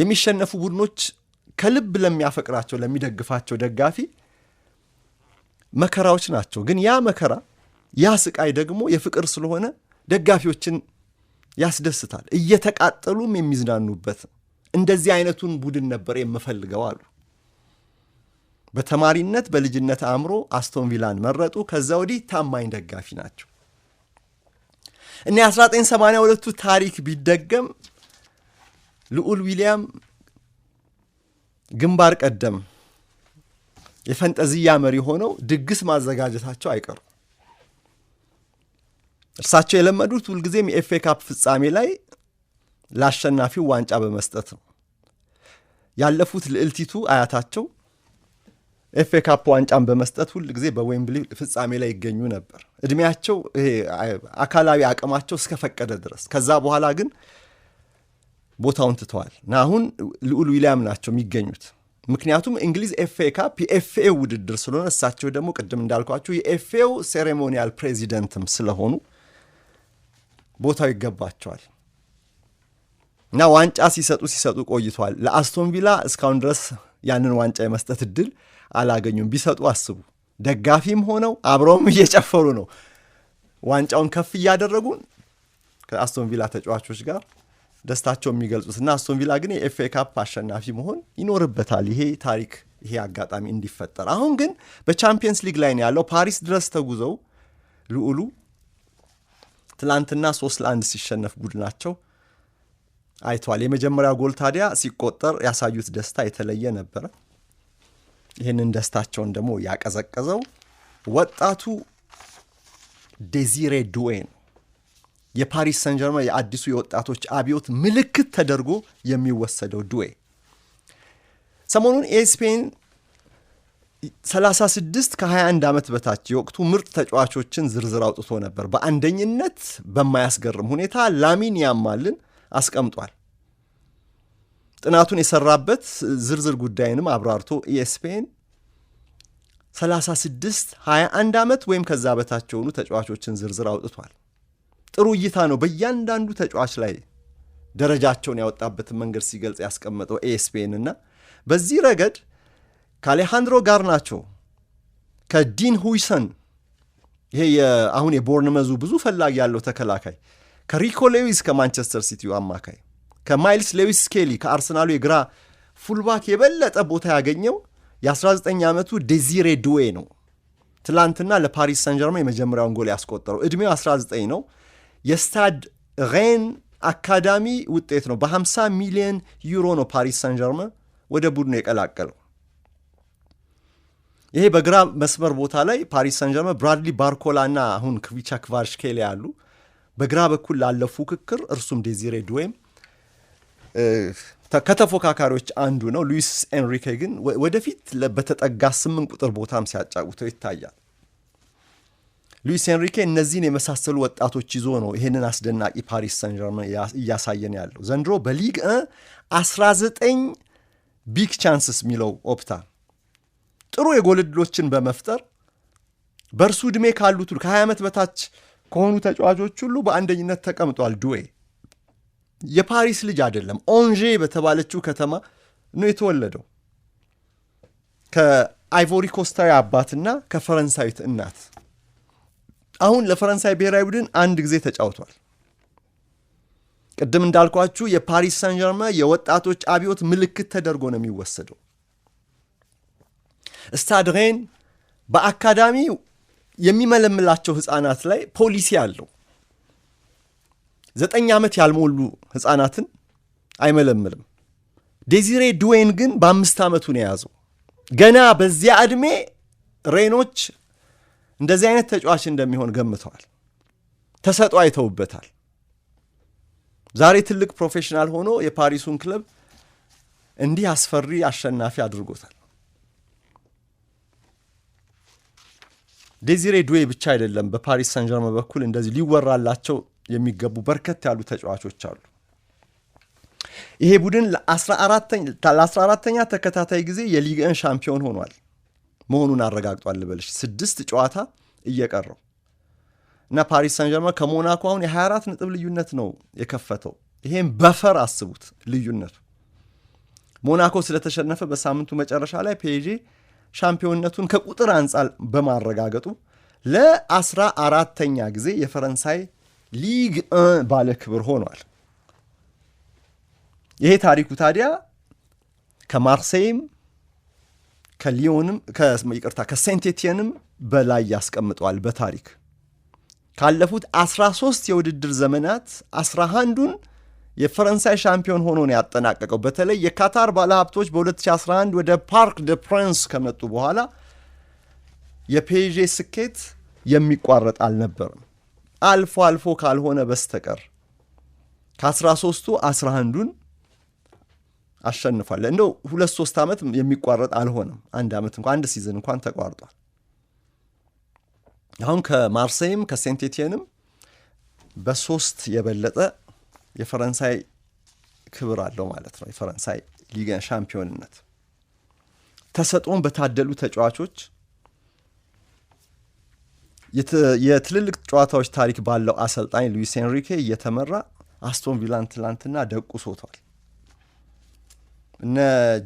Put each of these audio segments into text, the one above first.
የሚሸነፉ ቡድኖች ከልብ ለሚያፈቅራቸው ለሚደግፋቸው ደጋፊ መከራዎች ናቸው። ግን ያ መከራ ያ ስቃይ ደግሞ የፍቅር ስለሆነ ደጋፊዎችን ያስደስታል። እየተቃጠሉም የሚዝናኑበት እንደዚህ አይነቱን ቡድን ነበር የምፈልገው አሉ። በተማሪነት በልጅነት አእምሮ አስቶን ቪላን መረጡ። ከዛ ወዲህ ታማኝ ደጋፊ ናቸው እና የ1982ቱ ታሪክ ቢደገም ልዑል ዊሊያም ግንባር ቀደም የፈንጠዝያ መሪ ሆነው ድግስ ማዘጋጀታቸው አይቀሩም። እርሳቸው የለመዱት ሁልጊዜም የኤፌ ካፕ ፍጻሜ ላይ ለአሸናፊው ዋንጫ በመስጠት ነው። ያለፉት ልዕልቲቱ አያታቸው ኤፍ ካፕ ዋንጫን በመስጠት ሁልጊዜ በዌምብሊ ፍጻሜ ላይ ይገኙ ነበር፣ እድሜያቸው አካላዊ አቅማቸው እስከፈቀደ ድረስ። ከዛ በኋላ ግን ቦታውን ትተዋል እና አሁን ልዑል ዊሊያም ናቸው የሚገኙት። ምክንያቱም እንግሊዝ ኤፍኤ ካፕ የኤፍኤ ውድድር ስለሆነ እሳቸው ደግሞ ቅድም እንዳልኳቸው የኤፍኤው ሴሬሞኒያል ፕሬዚደንትም ስለሆኑ ቦታው ይገባቸዋል እና ዋንጫ ሲሰጡ ሲሰጡ ቆይተዋል። ለአስቶን ቪላ እስካሁን ድረስ ያንን ዋንጫ የመስጠት እድል አላገኙም። ቢሰጡ አስቡ። ደጋፊም ሆነው አብረውም እየጨፈሩ ነው ዋንጫውን ከፍ እያደረጉ ከአስቶን ቪላ ተጫዋቾች ጋር ደስታቸው የሚገልጹት እና አስቶን ቪላ ግን የኤፍ ኤ ካፕ አሸናፊ መሆን ይኖርበታል። ይሄ ታሪክ ይሄ አጋጣሚ እንዲፈጠር አሁን ግን በቻምፒየንስ ሊግ ላይ ነው ያለው። ፓሪስ ድረስ ተጉዘው ልዑሉ ትላንትና ሶስት ለአንድ ሲሸነፍ ቡድናቸው አይተዋል። የመጀመሪያ ጎል ታዲያ ሲቆጠር ያሳዩት ደስታ የተለየ ነበረ። ይህንን ደስታቸውን ደግሞ ያቀዘቀዘው ወጣቱ ዴዚሬ ዱዌን የፓሪስ ሰንጀርማ የአዲሱ የወጣቶች አብዮት ምልክት ተደርጎ የሚወሰደው ዱዌ ሰሞኑን ኤስፔን 36 ከ21 ዓመት በታች የወቅቱ ምርጥ ተጫዋቾችን ዝርዝር አውጥቶ ነበር። በአንደኝነት በማያስገርም ሁኔታ ላሚን ያማልን አስቀምጧል። ጥናቱን የሰራበት ዝርዝር ጉዳይንም አብራርቶ ኤስፔን 36 21 ዓመት ወይም ከዛ በታች የሆኑ ተጫዋቾችን ዝርዝር አውጥቷል። ጥሩ እይታ ነው በእያንዳንዱ ተጫዋች ላይ ደረጃቸውን ያወጣበትን መንገድ ሲገልጽ ያስቀመጠው ኤስፔን እና በዚህ ረገድ ከአሌሃንድሮ ጋር ናቸው ከዲን ሁይሰን ይሄ አሁን የቦርንመዙ ብዙ ፈላጊ ያለው ተከላካይ ከሪኮ ሌዊስ ከማንቸስተር ሲቲው አማካይ ከማይልስ ሌዊስ ስኬሊ ከአርሰናሉ የግራ ፉልባክ የበለጠ ቦታ ያገኘው የ19 ዓመቱ ዴዚሬ ዱዌ ነው። ትላንትና ለፓሪስ ሰንጀርማ የመጀመሪያውን ጎል ያስቆጠረው እድሜው 19 ነው። የስታድ ሬን አካዳሚ ውጤት ነው። በ50 ሚሊዮን ዩሮ ነው ፓሪስ ሳን ጀርመን ወደ ቡድኑ የቀላቀለው። ይሄ በግራ መስመር ቦታ ላይ ፓሪስ ሳን ጀርመን ብራድሊ ባርኮላ እና አሁን ክቪቻ ክቫርሽኬሊ ያሉ በግራ በኩል ላለው ፉክክር እርሱም ዴዚሬ ዱዌም ከተፎካካሪዎች አንዱ ነው። ሉዊስ ኤንሪኬ ግን ወደፊት በተጠጋ ስምንት ቁጥር ቦታም ሲያጫውተው ይታያል። ሉዊስ ሄንሪኬ እነዚህን የመሳሰሉ ወጣቶች ይዞ ነው ይህንን አስደናቂ ፓሪስ ሰን እያሳየን ያለው። ዘንድሮ በሊግ 19 ቢግ ቻንስስ የሚለው ኦፕታ ጥሩ የጎል ዕድሎችን በመፍጠር በእርሱ ዕድሜ ካሉት ሁሉ ከ20 ዓመት በታች ከሆኑ ተጫዋቾች ሁሉ በአንደኝነት ተቀምጧል። ዱዌ የፓሪስ ልጅ አይደለም። ኦንዤ በተባለችው ከተማ ነው የተወለደው ከአይቮሪ ኮስታዊ አባትና ከፈረንሳዊት እናት አሁን ለፈረንሳይ ብሔራዊ ቡድን አንድ ጊዜ ተጫውቷል። ቅድም እንዳልኳችሁ የፓሪስ ሳን ጀርማ የወጣቶች አብዮት ምልክት ተደርጎ ነው የሚወሰደው። ስታድሬን በአካዳሚ የሚመለምላቸው ህፃናት ላይ ፖሊሲ አለው። ዘጠኝ ዓመት ያልሞሉ ህፃናትን አይመለምልም። ዴዚሬ ድዌን ግን በአምስት ዓመቱ ነው የያዘው። ገና በዚያ ዕድሜ ሬኖች እንደዚህ አይነት ተጫዋች እንደሚሆን ገምተዋል። ተሰጥኦ አይተውበታል። ዛሬ ትልቅ ፕሮፌሽናል ሆኖ የፓሪሱን ክለብ እንዲህ አስፈሪ አሸናፊ አድርጎታል። ዴዚሬ ዱዌ ብቻ አይደለም። በፓሪስ ሰንጀርመን በኩል እንደዚህ ሊወራላቸው የሚገቡ በርከት ያሉ ተጫዋቾች አሉ። ይሄ ቡድን ለ14ተኛ ተከታታይ ጊዜ የሊግን ሻምፒዮን ሆኗል። መሆኑን አረጋግጧል። ልበልሽ ስድስት ጨዋታ እየቀረው እና ፓሪስ ሳን ከሞናኮ አሁን የ24 ነጥብ ልዩነት ነው የከፈተው። ይሄም በፈር አስቡት ልዩነቱ። ሞናኮ ስለተሸነፈ በሳምንቱ መጨረሻ ላይ ፔጄ ሻምፒዮንነቱን ከቁጥር አንጻር በማረጋገጡ ለአስራ አራተኛ ጊዜ የፈረንሳይ ሊግ ባለ ክብር ሆኗል። ይሄ ታሪኩ ታዲያ ከማርሴይም ከሊዮንም ይቅርታ ከሴንቴቲየንም በላይ ያስቀምጠዋል። በታሪክ ካለፉት 13 የውድድር ዘመናት 11ዱን የፈረንሳይ ሻምፒዮን ሆኖ ነው ያጠናቀቀው። በተለይ የካታር ባለሀብቶች በ2011 ወደ ፓርክ ደ ፕሬንስ ከመጡ በኋላ የፔዤ ስኬት የሚቋረጥ አልነበርም። አልፎ አልፎ ካልሆነ በስተቀር ከ13ቱ 11ዱን አሸንፏል። እንደው ሁለት ሶስት ዓመት የሚቋረጥ አልሆነም። አንድ ዓመት እንኳ አንድ ሲዝን እንኳን ተቋርጧል። አሁን ከማርሴይም ከሴንቴቲየንም በሶስት የበለጠ የፈረንሳይ ክብር አለው ማለት ነው። የፈረንሳይ ሊገን ሻምፒዮንነት ተሰጥኦን በታደሉ ተጫዋቾች የትልልቅ ጨዋታዎች ታሪክ ባለው አሰልጣኝ ሉዊስ ሄንሪኬ እየተመራ አስቶን ቪላን ትላንትና ሶቷል እነ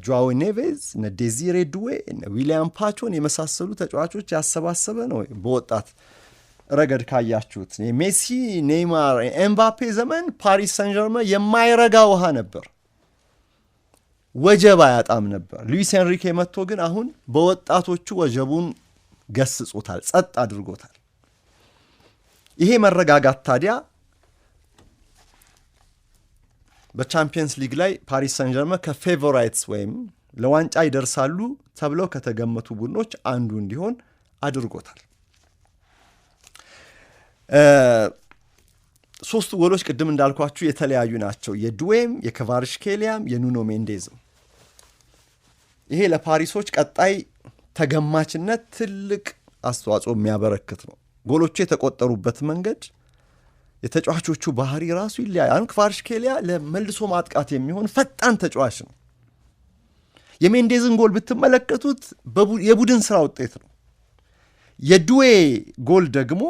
ጆዋዊ ኔቬዝ፣ እነ ዴዚሬ ድዌ እነ ዊሊያም ፓቾን የመሳሰሉ ተጫዋቾች ያሰባሰበ ነው። በወጣት ረገድ ካያችሁት የሜሲ ኔይማር፣ ኤምባፔ ዘመን ፓሪስ ሰንጀርመ የማይረጋ ውሃ ነበር፣ ወጀብ አያጣም ነበር። ሉዊስ ሄንሪኬ መጥቶ ግን አሁን በወጣቶቹ ወጀቡን ገስጾታል፣ ጸጥ አድርጎታል። ይሄ መረጋጋት ታዲያ በቻምፒየንስ ሊግ ላይ ፓሪስ ሰንጀርመ ከፌቮራይትስ ወይም ለዋንጫ ይደርሳሉ ተብለው ከተገመቱ ቡድኖች አንዱ እንዲሆን አድርጎታል። ሶስቱ ጎሎች ቅድም እንዳልኳችሁ የተለያዩ ናቸው። የድዌም፣ የከቫርሽኬሊያም፣ የኑኖ ሜንዴዝም። ይሄ ለፓሪሶች ቀጣይ ተገማችነት ትልቅ አስተዋጽኦ የሚያበረክት ነው። ጎሎቹ የተቆጠሩበት መንገድ የተጫዋቾቹ ባህሪ ራሱ ይለያል። አሁን ክቫራትስኬሊያ ለመልሶ ማጥቃት የሚሆን ፈጣን ተጫዋች ነው። የሜንዴዝን ጎል ብትመለከቱት የቡድን ስራ ውጤት ነው። የዱዌ ጎል ደግሞ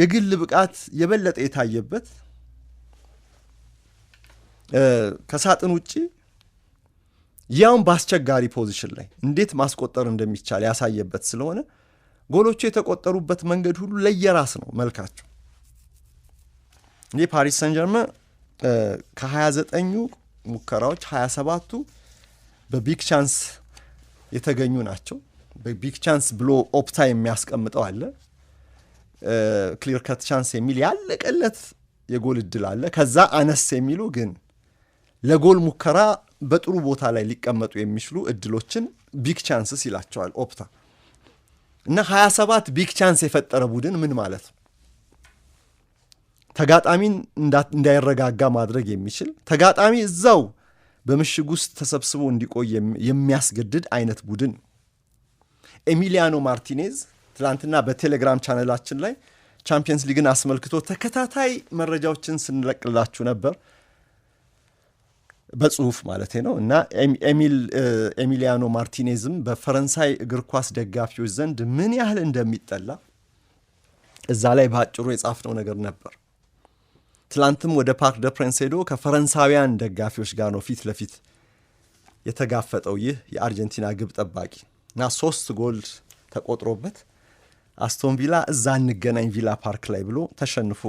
የግል ብቃት የበለጠ የታየበት ከሳጥን ውጭ ያውም በአስቸጋሪ ፖዚሽን ላይ እንዴት ማስቆጠር እንደሚቻል ያሳየበት ስለሆነ ጎሎቹ የተቆጠሩበት መንገድ ሁሉ ለየራስ ነው መልካቸው እንግዲህ ፓሪስ ሰንጀርመ ከ29ኙ ሙከራዎች 27ቱ በቢግ ቻንስ የተገኙ ናቸው። በቢግ ቻንስ ብሎ ኦፕታ የሚያስቀምጠው አለ። ክሊር ከት ቻንስ የሚል ያለቀለት የጎል እድል አለ። ከዛ አነስ የሚሉ ግን ለጎል ሙከራ በጥሩ ቦታ ላይ ሊቀመጡ የሚችሉ እድሎችን ቢግ ቻንስስ ይላቸዋል ኦፕታ። እና 27 ቢግ ቻንስ የፈጠረ ቡድን ምን ማለት ነው? ተጋጣሚን እንዳይረጋጋ ማድረግ የሚችል ተጋጣሚ እዛው በምሽግ ውስጥ ተሰብስቦ እንዲቆይ የሚያስገድድ አይነት ቡድን ኤሚሊያኖ ማርቲኔዝ ትላንትና በቴሌግራም ቻነላችን ላይ ቻምፒየንስ ሊግን አስመልክቶ ተከታታይ መረጃዎችን ስንለቅላችሁ ነበር፣ በጽሁፍ ማለት ነው እና ኤሚሊያኖ ማርቲኔዝም በፈረንሳይ እግር ኳስ ደጋፊዎች ዘንድ ምን ያህል እንደሚጠላ እዛ ላይ በአጭሩ የጻፍነው ነገር ነበር። ትላንትም ወደ ፓርክ ደ ፕሬንስ ሄዶ ከፈረንሳውያን ደጋፊዎች ጋር ነው ፊት ለፊት የተጋፈጠው ይህ የአርጀንቲና ግብ ጠባቂ እና ሶስት ጎል ተቆጥሮበት አስቶን ቪላ እዛ እንገናኝ ቪላ ፓርክ ላይ ብሎ ተሸንፎ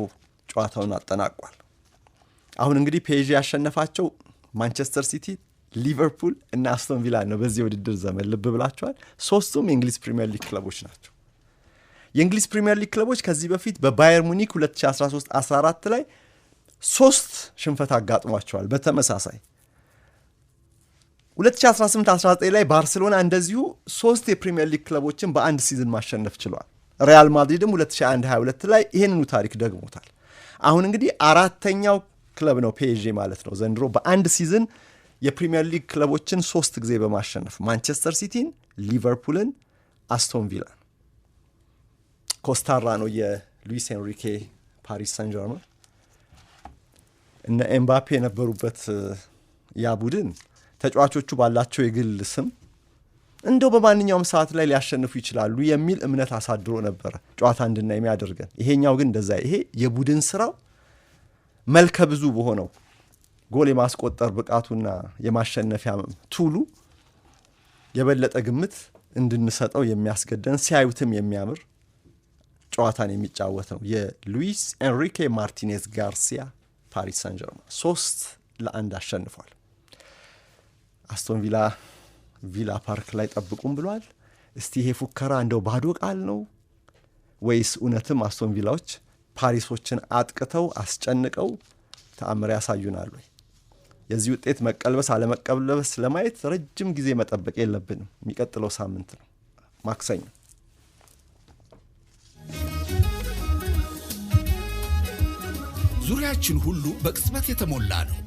ጨዋታውን አጠናቋል። አሁን እንግዲህ ፔዥ ያሸነፋቸው ማንቸስተር ሲቲ፣ ሊቨርፑል እና አስቶን ቪላ ነው በዚህ ውድድር ዘመን ልብ ብላቸዋል። ሶስቱም የእንግሊዝ ፕሪምየር ሊግ ክለቦች ናቸው። የእንግሊዝ ፕሪምየር ሊግ ክለቦች ከዚህ በፊት በባየር ሙኒክ 2013 14 ላይ ሶስት ሽንፈት አጋጥሟቸዋል። በተመሳሳይ 2018-19 ላይ ባርሴሎና እንደዚሁ ሶስት የፕሪምየር ሊግ ክለቦችን በአንድ ሲዝን ማሸነፍ ችሏል። ሪያል ማድሪድም 2021 ላይ ይህንኑ ታሪክ ደግሞታል። አሁን እንግዲህ አራተኛው ክለብ ነው ፔዤ ማለት ነው ዘንድሮ በአንድ ሲዝን የፕሪምየር ሊግ ክለቦችን ሶስት ጊዜ በማሸነፍ ማንቸስተር ሲቲን፣ ሊቨርፑልን፣ አስቶን ቪላን ኮስታራ ነው የሉዊስ ሄንሪኬ ፓሪስ ሳን ጀርመን እነ ኤምባፔ የነበሩበት ያ ቡድን ተጫዋቾቹ ባላቸው የግል ስም እንደው በማንኛውም ሰዓት ላይ ሊያሸንፉ ይችላሉ የሚል እምነት አሳድሮ ነበረ ጨዋታ እንድና የሚያደርገን። ይሄኛው ግን እንደዛ ይሄ የቡድን ስራው መልከ ብዙ በሆነው ጎል የማስቆጠር ብቃቱና የማሸነፊያ ቱሉ የበለጠ ግምት እንድንሰጠው የሚያስገደን ሲያዩትም የሚያምር ጨዋታን የሚጫወት ነው የሉዊስ ኤንሪኬ ማርቲኔዝ ጋርሲያ ፓሪስ ሳን ጀርማ ሶስት ለአንድ አሸንፏል። አስቶን ቪላ ቪላ ፓርክ ላይ ጠብቁም ብሏል። እስቲ ይሄ ፉከራ እንደው ባዶ ቃል ነው ወይስ እውነትም አስቶን ቪላዎች ፓሪሶችን አጥቅተው አስጨንቀው ተአምር ያሳዩናል ወይ? የዚህ ውጤት መቀልበስ አለመቀልበስ ለማየት ረጅም ጊዜ መጠበቅ የለብንም። የሚቀጥለው ሳምንት ነው ነው ዙሪያችን ሁሉ በቅጽበት የተሞላ ነው።